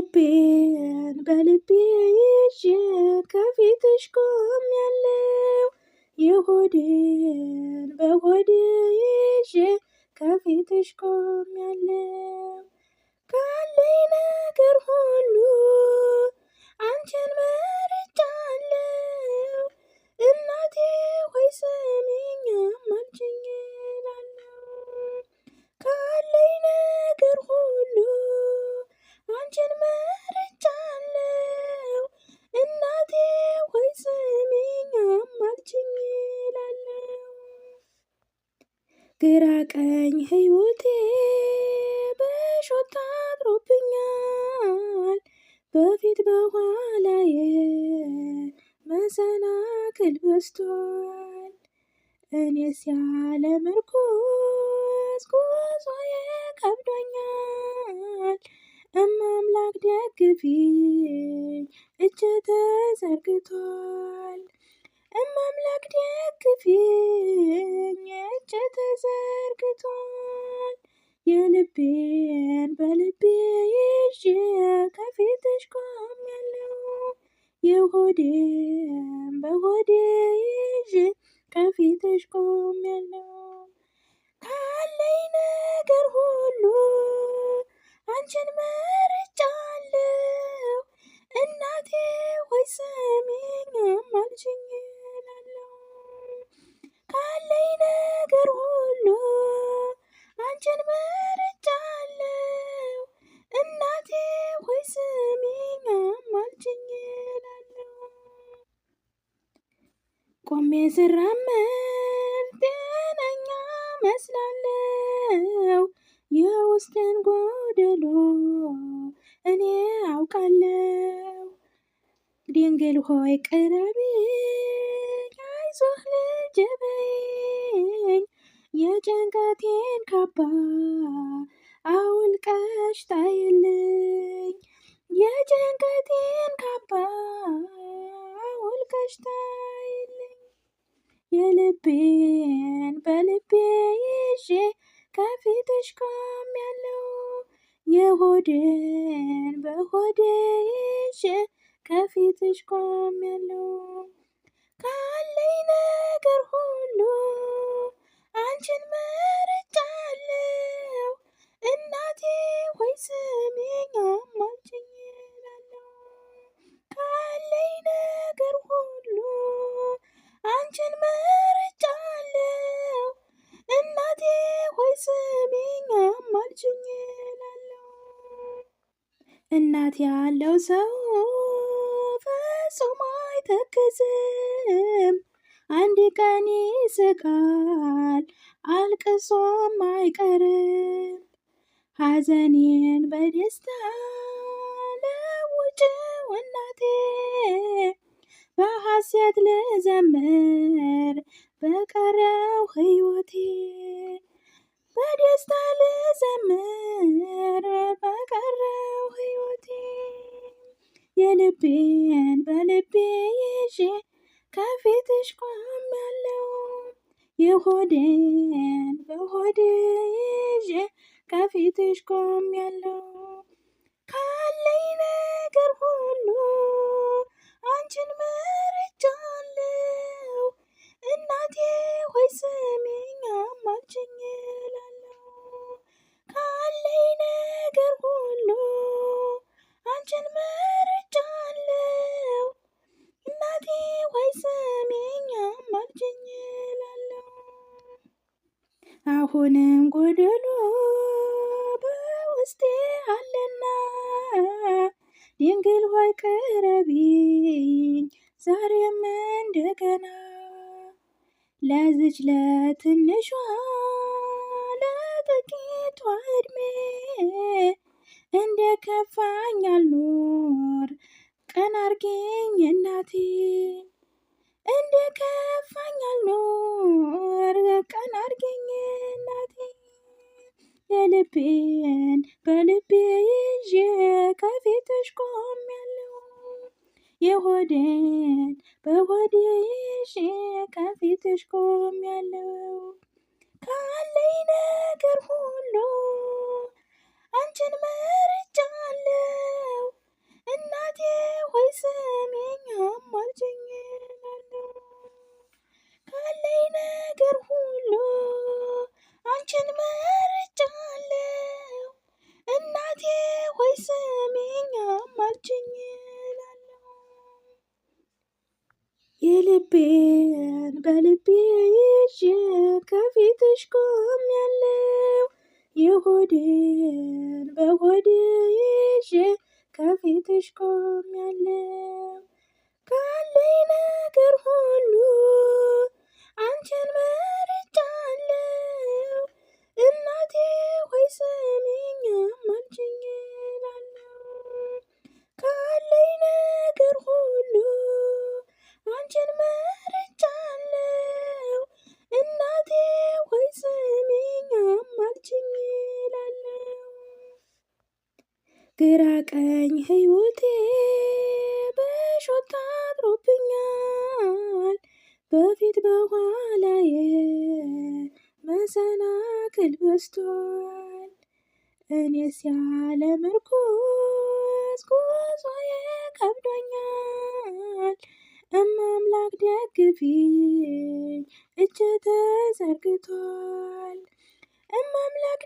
ልቤን በልቤ ይዤ ከፊትሽ ቆም ያለው የሆዴን በሆዴ ይዤ ከፊትሽ ቆም ያለው ካለኝ ነገር ሁሉ ግራ ቀኝ ህይወቴ በሾታ አድሮብኛል፣ በፊት በኋላዬ መሰናክል በስቷል። እኔስ ያለ ምርኩዝ ጉዞዬ ከብዶኛል። እማምላክ ደግፊኝ እጄ ተዘርግቷል። እማምላክ ደግፊኝ ተዘርግቷል። የልቤን በልቤ ይዤ ከፊትሽ ቆሜያለሁ። የሆዴን በሆዴ ይዤ ከፊትሽ ቆሜያለሁ። ቆሜ ስራመድ ጤነኛ መስላለው። የውስጤን ጎደሎ እኔ አውቃለው። ድንግል ሆይ ቅረቢ፣ አይዞህ ልጄ በይኝ። የጭንቀቴን ካባ አውልቀሽ ጣይልኝ የጭንቀቴን ልቤን በልቤ ይዤ ከፊትሽ ቆም ያለው የሆዴን በሆዴ ይዤ ከፊትሽ ቆም ያለው ካለኝ ነገር ሁሉ አንቺን መርጫለው እናቴ ሆይ ስሜኝ አማልጭኝ እላለሁ ካለኝ ነገር ሁሉ አንቺን መ እናት ያለው ሰው ፈጽሞ አይተክዝም፣ አንድ ቀን ይስቃል አልቅሶም አይቀርም። ሐዘኔን በደስታ ለውጭው እናቴ፣ በሐሴት ልዘምር በቀረው ሕይወቴ፣ በደስታ ልዘምር ልቤን በልቤ ይዤ ከፊትሽ ቆሜያለሁ የሆዴን በሆዴ ይዤ ከፊትሽ ቆሜያለሁ ካለኝ ነገር ሁሉ አንቺን መርጫለሁ እናቴ ሆይ ስሚኝ አማልጅኝ እላለሁ ካለኝ ነገር ሁሉ አሁንም ጎደሎ በውስጤ አለና ድንግል ሆይ ቅረቢኝ ዛሬም እንደገና ለዝች ለትንሿ ለጥቂቷ እድሜ እንደ ከፋኝ አልኖር ቀና አርጊኝ እናቴ እንደ ከፋኝ አልኖር ቀና አርጊኝ የልቤን በልቤ ይዤ ከፊትሽ ቆም ያለው የሆዴን በሆዴ ይዤ ከፊትሽ ቆም ያለው ካለኝ ነገር ሁሉ አንቺን መርጫለው እናቴ ሆይ ስሚኝ አማልጅኝ እላለሁ ካለኝ ነገር ሁሉ አንቺን መ ልቤን በልቤ ይዤ ከፊትሽ ቆም ያለው የሆዴን በሆዴ ይዤ ከፊትሽ ቆም ያለው ካለኝ ነገር ሁሉ አንቺን መርጫለው እናቴ ሆይ ስሚኝ አማልጅ ቀኝ ህይወቴ በሾታ አድሮብኛል በፊት በኋላዬ መሰናክል በስቷል። እኔስ ያለ ምርኩዝ ጉዞዬ ከብዶኛል። እማምላክ ደግፊ ደግፊኝ እጄ ተዘርግቷል። እማምላክ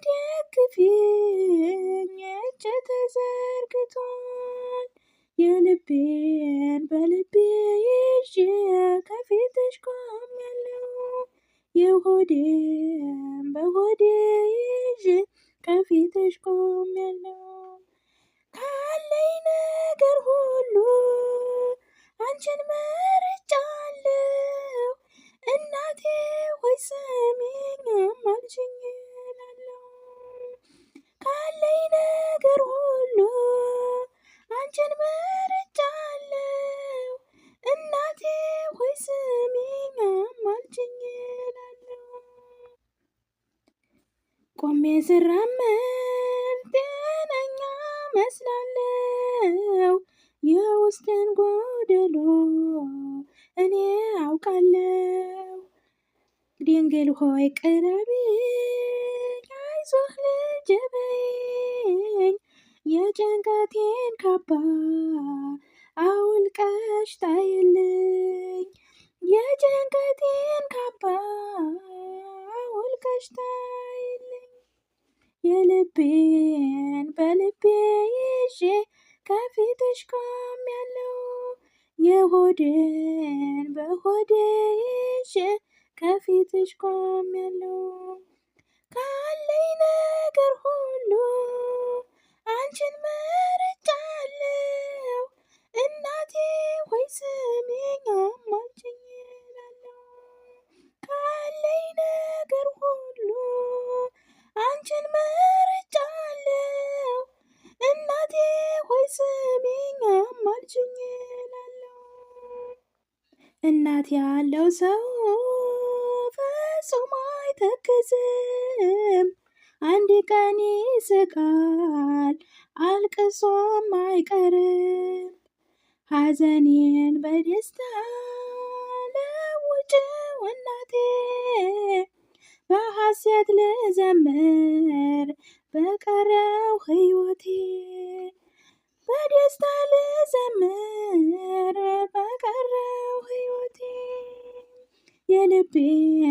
ደግፊኝ እጅ ተዘርግቷል የልቤን በልቤ ይዤ ከፊትሽ ቆሜያለሁ የሆዴን በሆዴ ይዤ ከፊትሽ ቆሜያለሁ ካለኝ ነገር ሁሉ አንቺን መርጫለሁ እናቴ ቆሜ ስራመድ ጤነኛ መስላለው የውስጤን ጎደሎ እኔ አውቃለው። ድንግል ሆይ ቅረቢ፣ አይዞህ ልጄ በይኝ የጭንቀቴን ካባ አውልቀሽ ጣይልኝ የጭንቀቴን ካባ አውልቀሽ ጣይ የልቤን በልቤ ይዤ ከፊትሽ ቆም ያለው የሆዴን በሆዴ ይዤ ከፊትሽ ቆም ያለው ካለኝ ነገር ሁሉ አንቺን መርጫለሁ እናት ያለው ሰው ፈጽሞ አይተክዝም፣ አንድ ቀን ይስቃል አልቅሶም አይቀርም። ሐዘኔን በደስታ ለውጭው እናቴ በሐሴት ልዘምር በቀረው ሕይወቴ በደስታ ልዘምር በቀረው yellow bear.